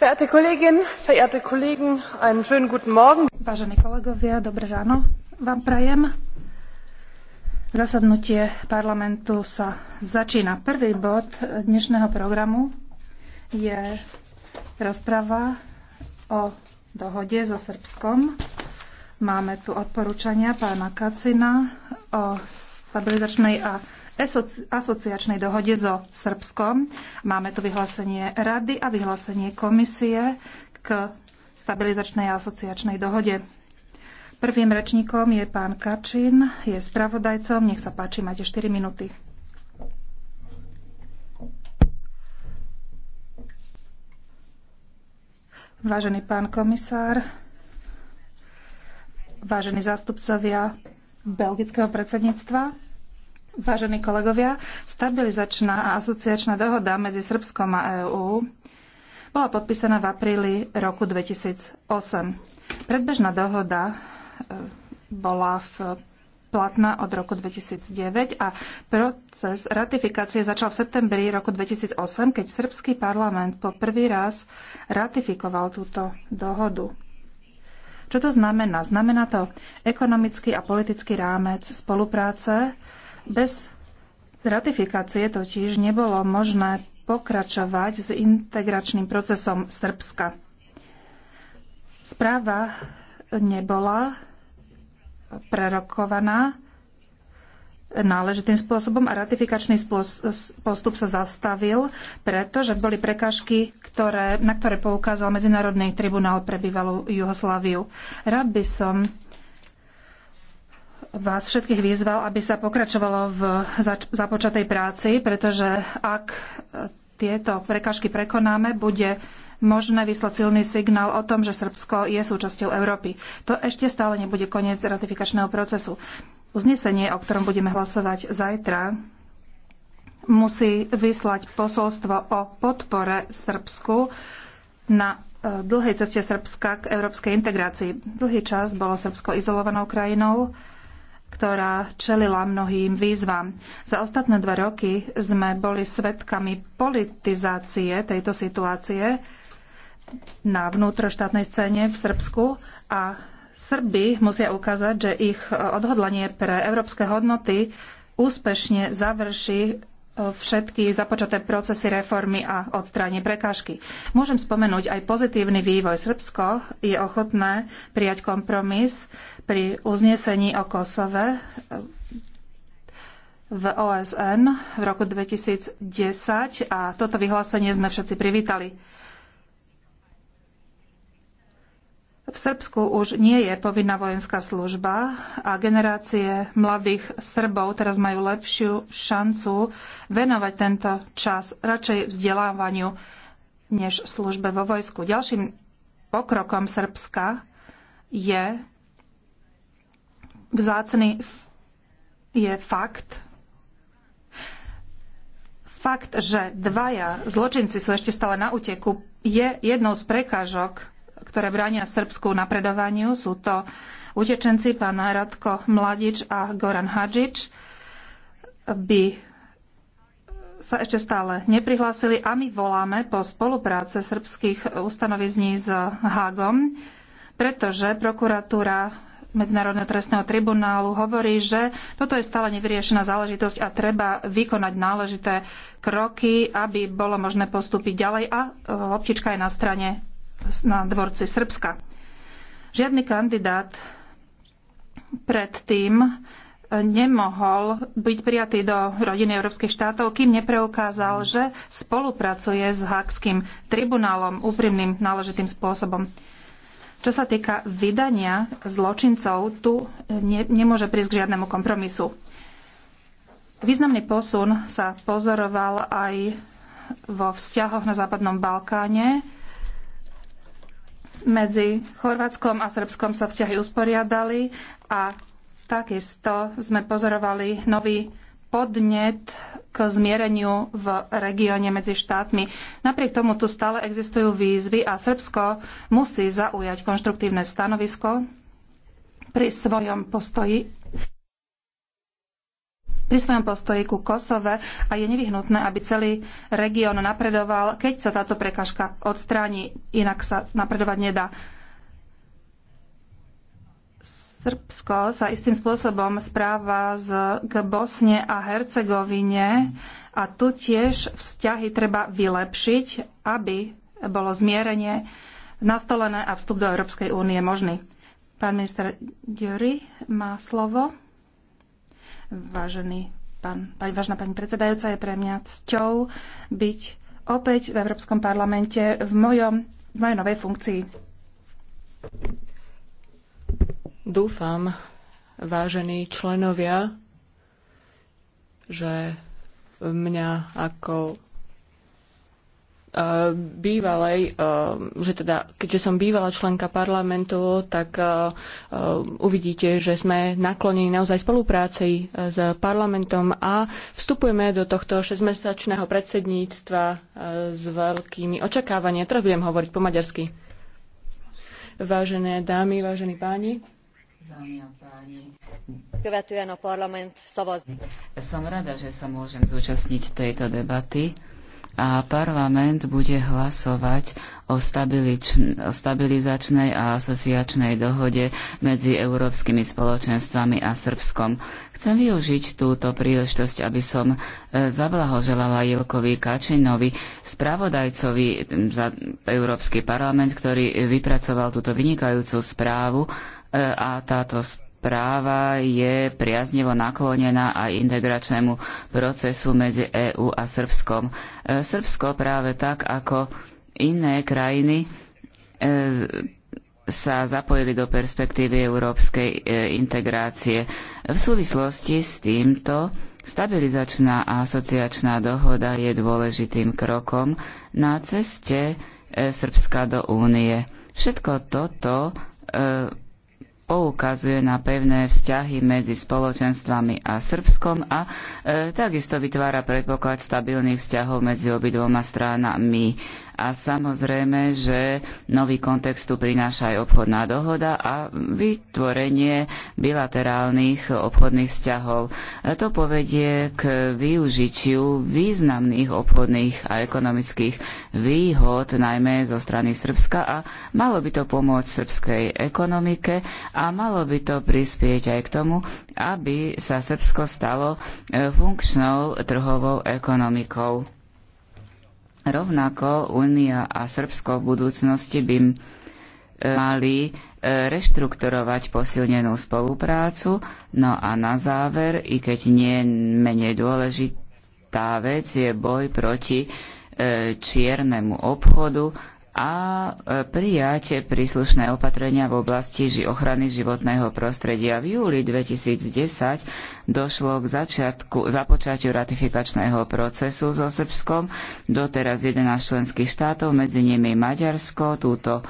Verehrte Kolleginnen, verehrte Kollegen, einen schönen guten Morgen. Vážení kolegovia, dobré ráno vám prajem. Zasadnutie parlamentu sa začína. Prvý bod dnešného programu je rozprava o dohode so Srbskom. Máme tu odporúčania pána Kacina o stabilizačnej a asociačnej dohode so Srbskom. Máme tu vyhlásenie Rady a vyhlásenie komisie k stabilizačnej a asociačnej dohode. Prvým rečníkom je pán Kačin, je spravodajcom. Nech sa páči, máte 4 minúty. Vážený pán komisár, vážení zástupcovia belgického predsedníctva, Vážení kolegovia, stabilizačná a asociačná dohoda medzi Srbskom a EÚ bola podpísaná v apríli roku 2008. Predbežná dohoda e, bola v platná od roku 2009 a proces ratifikácie začal v septembri roku 2008, keď srbský parlament po prvý raz ratifikoval túto dohodu. Čo to znamená? Znamená to ekonomický a politický rámec spolupráce bez ratifikácie totiž nebolo možné pokračovať s integračným procesom Srbska. Správa nebola prerokovaná náležitým spôsobom a ratifikačný postup sa zastavil, pretože boli prekážky, ktoré, na ktoré poukázal Medzinárodný tribunál pre bývalú Jugosláviu. Rád by som vás všetkých vyzval, aby sa pokračovalo v započatej práci, pretože ak e, tieto prekažky prekonáme, bude možné vyslať silný signál o tom, že Srbsko je súčasťou Európy. To ešte stále nebude koniec ratifikačného procesu. Uznesenie, o ktorom budeme hlasovať zajtra, musí vyslať posolstvo o podpore Srbsku na e, dlhej ceste Srbska k európskej integrácii. Dlhý čas bolo Srbsko izolovanou krajinou, ktorá čelila mnohým výzvam. Za ostatné dva roky sme boli svedkami politizácie tejto situácie na vnútroštátnej scéne v Srbsku a Srby musia ukázať, že ich odhodlanie pre európske hodnoty úspešne završí všetky započaté procesy reformy a odstráni prekážky. Môžem spomenúť aj pozitívny vývoj. Srbsko je ochotné prijať kompromis pri uznesení o Kosove e, v OSN v roku 2010 a toto vyhlásenie sme všetci privítali. V Srbsku už nie je povinná vojenská služba a generácie mladých Srbov teraz majú lepšiu šancu venovať tento čas radšej vzdelávaniu než službe vo vojsku. Ďalším pokrokom Srbska je vzácný je fakt, fakt, že dvaja zločinci sú ešte stále na uteku, je jednou z prekážok ktoré bránia Srbsku napredovaniu. Sú to utečenci pán Radko Mladič a Goran Hadžič by sa ešte stále neprihlásili a my voláme po spolupráce srbských ustanovizní s HAGOM, pretože prokuratúra Medzinárodného trestného tribunálu hovorí, že toto je stále nevyriešená záležitosť a treba vykonať náležité kroky, aby bolo možné postúpiť ďalej a e, optička je na strane na dvorci Srbska. Žiadny kandidát predtým eh, nemohol byť prijatý do rodiny európskych štátov, kým nepreukázal, že spolupracuje s Hakským tribunálom úprimným náležitým spôsobom. Čo sa týka vydania zločincov, tu eh, ne, nemôže prísť k žiadnemu kompromisu. Významný posun sa pozoroval aj vo vzťahoch na Západnom Balkáne medzi Chorvátskom a Srbskom sa vzťahy usporiadali a takisto sme pozorovali nový podnet k zmiereniu v regióne medzi štátmi. Napriek tomu tu stále existujú výzvy a Srbsko musí zaujať konštruktívne stanovisko pri svojom postoji pri svojom postoji ku Kosove a je nevyhnutné, aby celý región napredoval, keď sa táto prekažka odstráni, inak sa napredovať nedá. Srbsko sa istým spôsobom správa z, k Bosne a Hercegovine a tu tiež vzťahy treba vylepšiť, aby bolo zmierenie nastolené a vstup do Európskej únie možný. Pán minister Dury má slovo. Vážený pán, pani, vážená pani predsedajúca, je pre mňa cťou byť opäť v Európskom parlamente v, mojom, v mojej novej funkcii. Dúfam, vážení členovia, že mňa ako Eh, bývalej, eh, že teda, keďže som bývala členka parlamentu, tak eh, uvidíte, že sme naklonení naozaj spolupráci s parlamentom a vstupujeme do tohto 6-mesačného predsedníctva s veľkými očakávania. Teraz budem hovoriť po maďarsky. Vážené dámy, vážení páni, Som rada, že sa môžem zúčastniť tejto debaty a parlament bude hlasovať o, o stabilizačnej a asociačnej dohode medzi európskymi spoločenstvami a Srbskom. Chcem využiť túto príležitosť, aby som e, zablahoželala Jilkovi Kačinovi, spravodajcovi za Európsky parlament, ktorý e, vypracoval túto vynikajúcu správu e, a táto správa správa je priaznevo naklonená aj integračnému procesu medzi EÚ a Srbskom. E, Srbsko práve tak ako iné krajiny e, sa zapojili do perspektívy európskej e, integrácie. V súvislosti s týmto stabilizačná a asociačná dohoda je dôležitým krokom na ceste Srbska do únie. Všetko toto poukazuje na pevné vzťahy medzi spoločenstvami a Srbskom a e, takisto vytvára predpoklad stabilných vzťahov medzi obidvoma stranami a samozrejme, že nový kontext tu prináša aj obchodná dohoda a vytvorenie bilaterálnych obchodných vzťahov. To povedie k využitiu významných obchodných a ekonomických výhod, najmä zo strany Srbska a malo by to pomôcť srbskej ekonomike a malo by to prispieť aj k tomu, aby sa Srbsko stalo e, funkčnou trhovou ekonomikou. Rovnako Únia a Srbsko v budúcnosti by e, mali e, reštrukturovať posilnenú spoluprácu. No a na záver, i keď nie menej dôležitá vec, je boj proti e, čiernemu obchodu a e, prijať príslušné opatrenia v oblasti ochrany životného prostredia. V júli 2010 došlo k začiatku, započatiu ratifikačného procesu so Srbskom. Doteraz 11 členských štátov, medzi nimi Maďarsko, túto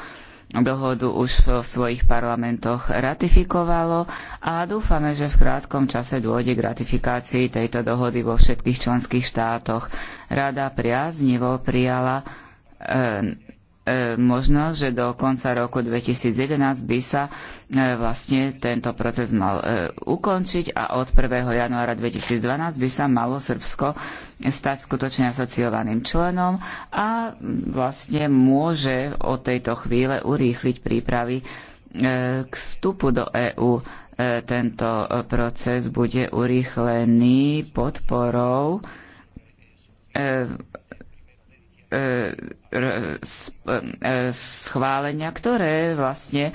dohodu už v svojich parlamentoch ratifikovalo a dúfame, že v krátkom čase dôjde k ratifikácii tejto dohody vo všetkých členských štátoch. Rada priaznivo prijala e, E, možnosť, že do konca roku 2011 by sa e, vlastne tento proces mal e, ukončiť a od 1. januára 2012 by sa malo Srbsko stať skutočne asociovaným členom a vlastne môže od tejto chvíle urýchliť prípravy k vstupu do EÚ. Tento proces bude urýchlený podporou schválenia, ktoré vlastne e,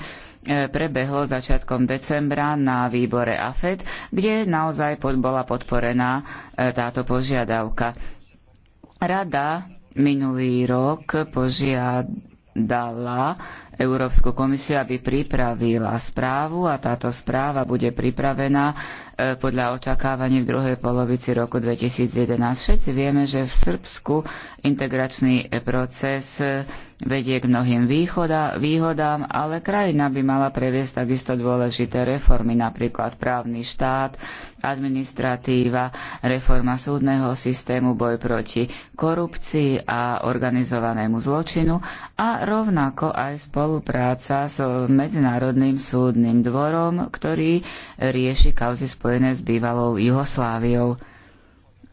prebehlo začiatkom decembra na výbore AFED, kde naozaj bola podporená e, táto požiadavka. Rada minulý rok požiadala Európsku komisiu, aby pripravila správu a táto správa bude pripravená E, podľa očakávaní v druhej polovici roku 2011. Všetci vieme, že v Srbsku integračný e, proces e, vedie k mnohým východa, výhodám, ale krajina by mala previesť takisto dôležité reformy, napríklad právny štát, administratíva, reforma súdneho systému, boj proti korupcii a organizovanému zločinu a rovnako aj spolupráca s Medzinárodným súdnym dvorom, ktorý rieši kauzy spolupráce spojené s bývalou Jugosláviou.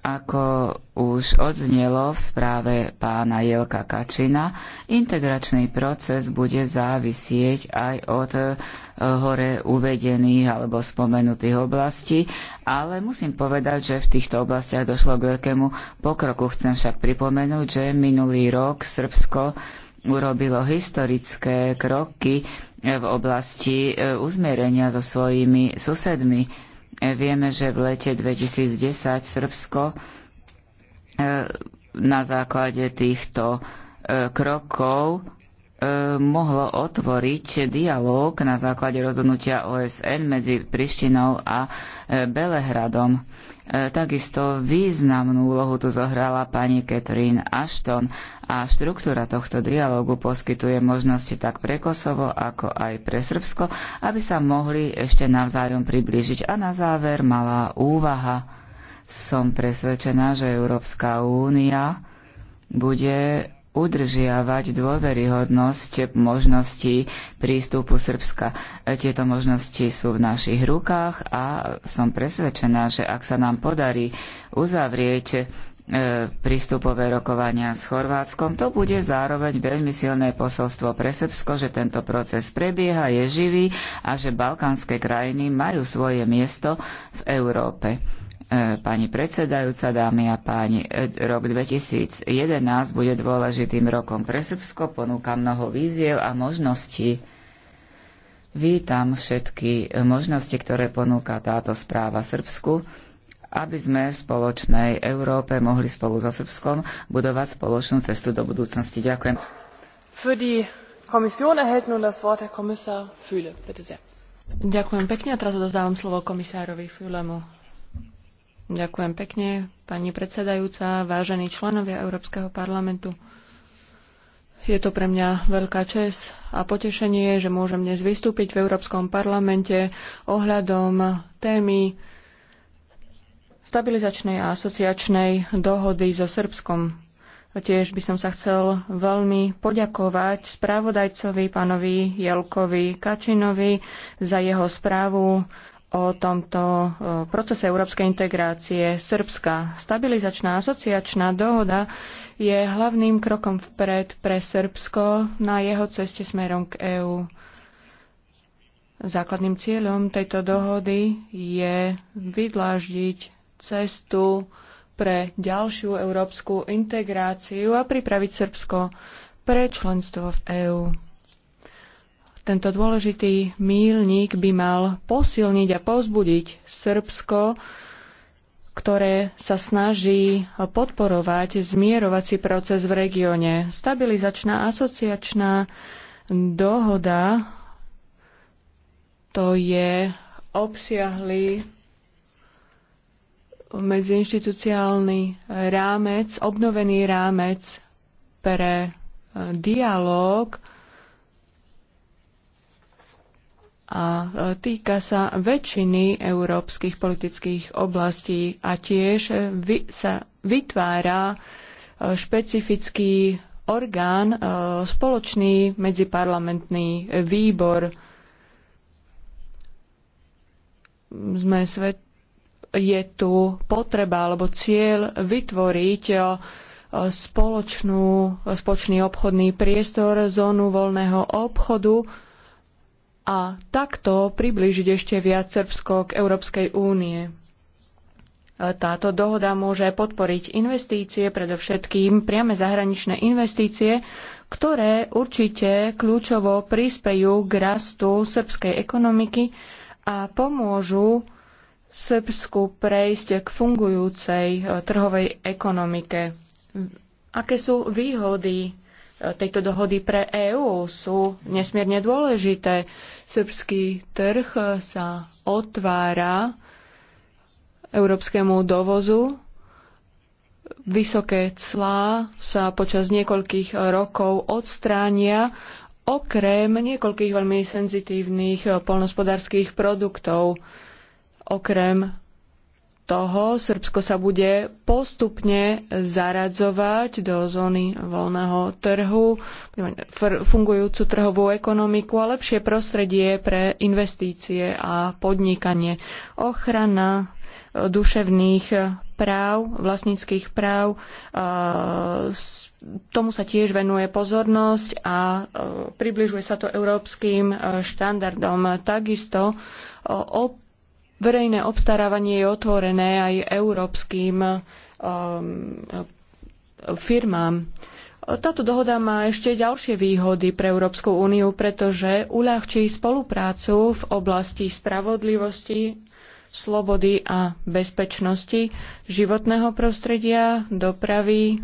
Ako už odznelo v správe pána Jelka Kačina, integračný proces bude závisieť aj od e, hore uvedených alebo spomenutých oblastí, ale musím povedať, že v týchto oblastiach došlo k veľkému pokroku. Chcem však pripomenúť, že minulý rok Srbsko urobilo historické kroky v oblasti e, uzmierenia so svojimi susedmi E, vieme, že v lete 2010 Srbsko e, na základe týchto e, krokov mohlo otvoriť dialóg na základe rozhodnutia OSN medzi Prištinou a e, Belehradom. E, takisto významnú úlohu tu zohrala pani Catherine Ashton a štruktúra tohto dialógu poskytuje možnosti tak pre Kosovo, ako aj pre Srbsko, aby sa mohli ešte navzájom priblížiť. A na záver malá úvaha. Som presvedčená, že Európska únia bude udržiavať dôveryhodnosť možností prístupu Srbska. Tieto možnosti sú v našich rukách a som presvedčená, že ak sa nám podarí uzavrieť e, prístupové rokovania s Chorvátskom. To bude zároveň veľmi silné posolstvo pre Srbsko, že tento proces prebieha, je živý a že balkánske krajiny majú svoje miesto v Európe. E, pani predsedajúca, dámy a páni, e, rok 2011 bude dôležitým rokom pre Srbsko, ponúka mnoho víziev a možností. Vítam všetky možnosti, ktoré ponúka táto správa Srbsku, aby sme v spoločnej Európe mohli spolu so Srbskom budovať spoločnú cestu do budúcnosti. Ďakujem. Für die Kommission erhält nun das Wort Herr Kommissar Fühle. Bitte sehr. Ďakujem pekne a teraz odozdávam slovo komisárovi Fülemu. Ďakujem pekne, pani predsedajúca, vážení členovia Európskeho parlamentu. Je to pre mňa veľká čest a potešenie, že môžem dnes vystúpiť v Európskom parlamente ohľadom témy stabilizačnej a asociačnej dohody so Srbskom. Tiež by som sa chcel veľmi poďakovať spravodajcovi pánovi Jelkovi Kačinovi za jeho správu o tomto procese európskej integrácie Srbska. Stabilizačná asociačná dohoda je hlavným krokom vpred pre Srbsko na jeho ceste smerom k EÚ. Základným cieľom tejto dohody je vydláždiť cestu pre ďalšiu európsku integráciu a pripraviť Srbsko pre členstvo v EÚ. Tento dôležitý mílnik by mal posilniť a povzbudiť Srbsko, ktoré sa snaží podporovať zmierovací proces v regióne. Stabilizačná asociačná dohoda to je obsiahly medziinstitucionálny rámec, obnovený rámec pre dialog a e, týka sa väčšiny európskych politických oblastí a tiež vy, sa vytvára e, špecifický orgán, e, spoločný medziparlamentný výbor. Sme svet, je tu potreba alebo cieľ vytvoriť spoločnú, spoločný obchodný priestor, zónu voľného obchodu, a takto priblížiť ešte viac Srbsko k Európskej únie. Táto dohoda môže podporiť investície, predovšetkým priame zahraničné investície, ktoré určite kľúčovo prispejú k rastu srbskej ekonomiky a pomôžu Srbsku prejsť k fungujúcej eh, trhovej ekonomike. Aké sú výhody tejto dohody pre EÚ sú nesmierne dôležité. Srbský trh sa otvára európskemu dovozu. Vysoké clá sa počas niekoľkých rokov odstránia okrem niekoľkých veľmi senzitívnych polnospodárských produktov, okrem toho Srbsko sa bude postupne zaradzovať do zóny voľného trhu, fungujúcu trhovú ekonomiku a lepšie prostredie pre investície a podnikanie. Ochrana eh, duševných práv, vlastníckých práv, eh, tomu sa tiež venuje pozornosť a eh, približuje sa to európskym štandardom. Takisto Verejné obstarávanie je otvorené aj európskym um, firmám. Táto dohoda má ešte ďalšie výhody pre Európsku úniu, pretože uľahčí spoluprácu v oblasti spravodlivosti, slobody a bezpečnosti, životného prostredia, dopravy,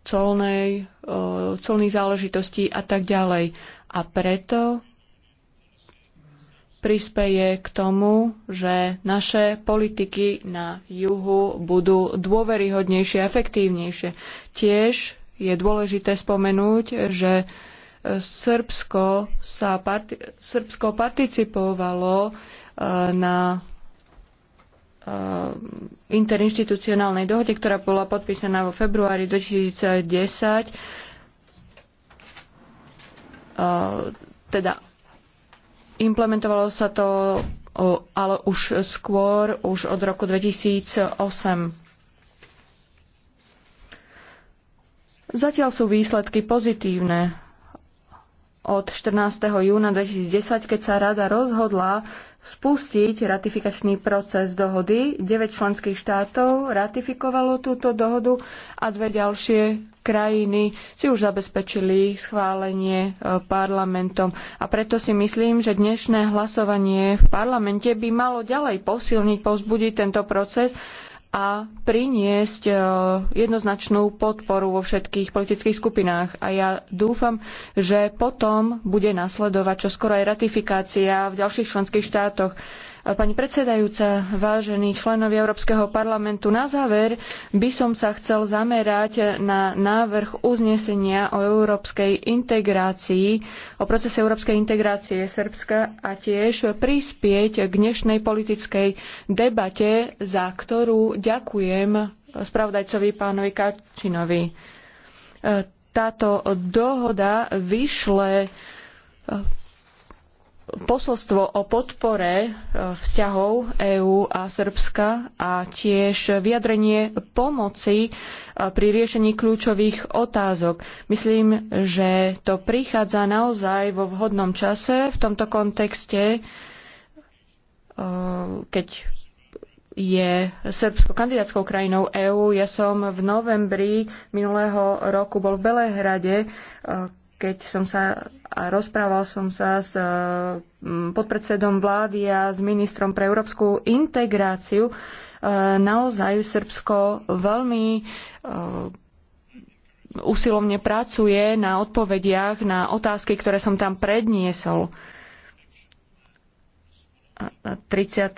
colnej, uh, colných záležitostí a tak ďalej. A preto prispeje k tomu, že naše politiky na juhu budú dôveryhodnejšie a efektívnejšie. Tiež je dôležité spomenúť, že e, Srbsko, sa parti- Srbsko participovalo e, na e, interinstitucionálnej dohode, ktorá bola podpísaná vo februári 2010. Teda Implementovalo sa to ale už skôr, už od roku 2008. Zatiaľ sú výsledky pozitívne. Od 14. júna 2010, keď sa rada rozhodla spustiť ratifikačný proces dohody. 9 členských štátov ratifikovalo túto dohodu a dve ďalšie krajiny si už zabezpečili schválenie e, parlamentom. A preto si myslím, že dnešné hlasovanie v parlamente by malo ďalej posilniť, povzbudiť tento proces a priniesť e, jednoznačnú podporu vo všetkých politických skupinách. A ja dúfam, že potom bude nasledovať čoskoro aj ratifikácia v ďalších členských štátoch. Pani predsedajúca, vážení členovia Európskeho parlamentu, na záver by som sa chcel zamerať na návrh uznesenia o európskej integrácii, o procese európskej integrácie Srbska a tiež prispieť k dnešnej politickej debate, za ktorú ďakujem spravodajcovi pánovi Kačinovi. E, táto dohoda vyšle posolstvo o podpore e, vzťahov EÚ a Srbska a tiež vyjadrenie pomoci e, pri riešení kľúčových otázok. Myslím, že to prichádza naozaj vo vhodnom čase v tomto kontexte, e, keď je Srbsko kandidátskou krajinou EÚ. Ja som v novembri minulého roku bol v Belehrade, keď som sa a rozprával som sa s e, podpredsedom vlády a s ministrom pre európsku integráciu, e, naozaj Srbsko veľmi e, usilovne pracuje na odpovediach na otázky, ktoré som tam predniesol 30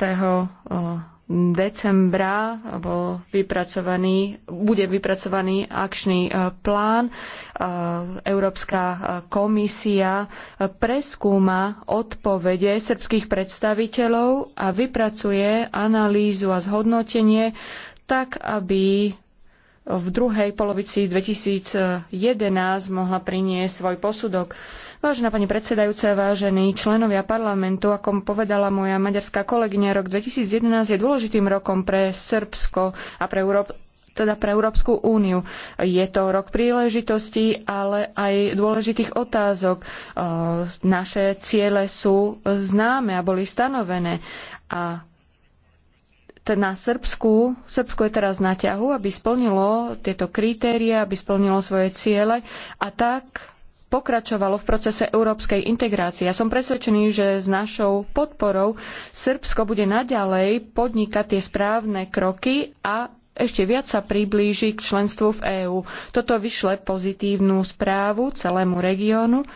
decembra bol vypracovaný, bude vypracovaný akčný e, plán. E, Európska e, komisia preskúma odpovede srbských predstaviteľov a vypracuje analýzu a zhodnotenie tak, aby v druhej polovici 2011 mohla priniesť svoj posudok. Vážená pani predsedajúca, vážení členovia parlamentu, ako povedala moja maďarská kolegyňa, rok 2011 je dôležitým rokom pre Srbsko a pre Európu teda pre Európsku úniu. Je to rok príležitostí, ale aj dôležitých otázok. Naše ciele sú známe a boli stanovené. A na Srbsku, Srbsko je teraz na ťahu, aby splnilo tieto kritéria, aby splnilo svoje ciele a tak pokračovalo v procese európskej integrácie. Ja som presvedčený, že s našou podporou Srbsko bude naďalej podnikať tie správne kroky a ešte viac sa priblíži k členstvu v EÚ. Toto vyšle pozitívnu správu celému regiónu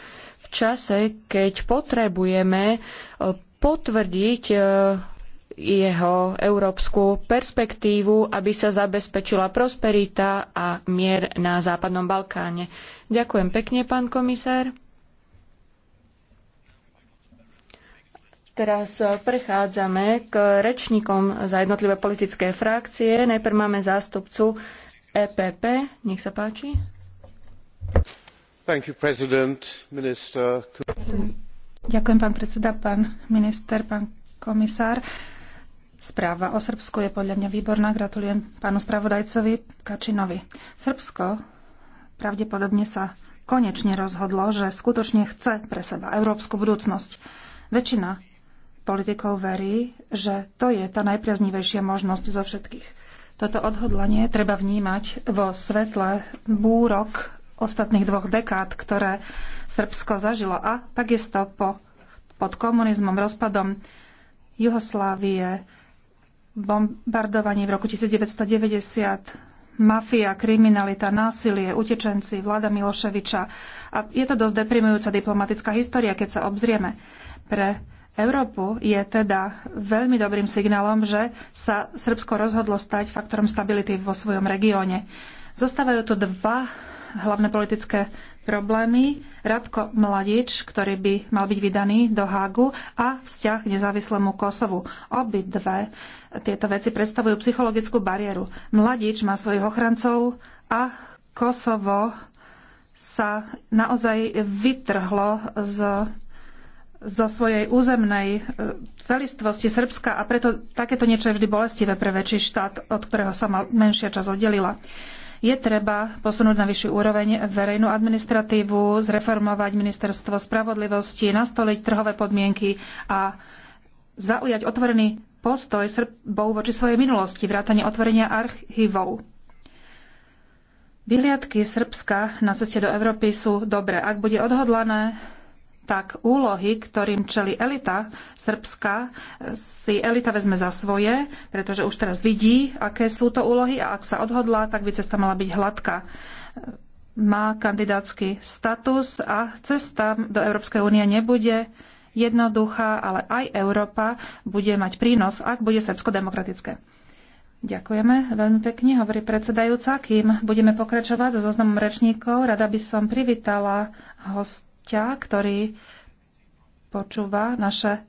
v čase, keď potrebujeme potvrdiť e, jeho európsku perspektívu, aby sa zabezpečila prosperita a mier na Západnom Balkáne. Ďakujem pekne, pán komisár. Teraz prechádzame k rečníkom za jednotlivé politické frakcie. Najprv máme zástupcu EPP. Nech sa páči. You, Ďakujem, pán predseda, pán minister, pán komisár. Správa o Srbsku je podľa mňa výborná. Gratulujem pánu spravodajcovi Kačinovi. Srbsko pravdepodobne sa konečne rozhodlo, že skutočne chce pre seba európsku budúcnosť. Väčšina politikov verí, že to je tá najpriaznivejšia možnosť zo všetkých. Toto odhodlanie treba vnímať vo svetle búrok ostatných dvoch dekád, ktoré Srbsko zažilo a takisto po, pod komunizmom, rozpadom Juhoslávie, bombardovaní v roku 1990, mafia, kriminalita, násilie, utečenci, vláda Miloševiča. A je to dosť deprimujúca diplomatická história, keď sa obzrieme. Pre Európu je teda veľmi dobrým signálom, že sa Srbsko rozhodlo stať faktorom stability vo svojom regióne. Zostávajú tu dva hlavné politické problémy, Radko Mladič, ktorý by mal byť vydaný do Hágu a vzťah k nezávislému Kosovu. Obidve tieto veci predstavujú psychologickú bariéru. Mladič má svojich ochrancov a Kosovo sa naozaj vytrhlo z zo svojej územnej e, celistvosti Srbska a preto takéto niečo je vždy bolestivé pre väčší štát, od ktorého sa menšia časť oddelila. Je treba posunúť na vyšší úroveň verejnú administratívu, zreformovať ministerstvo spravodlivosti, nastoliť trhové podmienky a zaujať otvorený postoj Srbov voči svojej minulosti, vrátanie otvorenia archívov. Vyhliadky Srbska na ceste do Európy sú dobré. Ak bude odhodlané tak úlohy, ktorým čeli elita srbská, si elita vezme za svoje, pretože už teraz vidí, aké sú to úlohy a ak sa odhodlá, tak by cesta mala byť hladká. Má kandidátsky status a cesta do Európskej únie nebude jednoduchá, ale aj Európa bude mať prínos, ak bude Srbsko demokratické. Ďakujeme veľmi pekne, hovorí predsedajúca. Kým budeme pokračovať so zoznamom rečníkov, rada by som privítala host ťa, ktorý počúva naše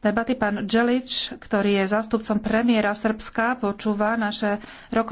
debaty. Pán Dželič, ktorý je zástupcom premiéra Srbska, počúva naše rokovanie.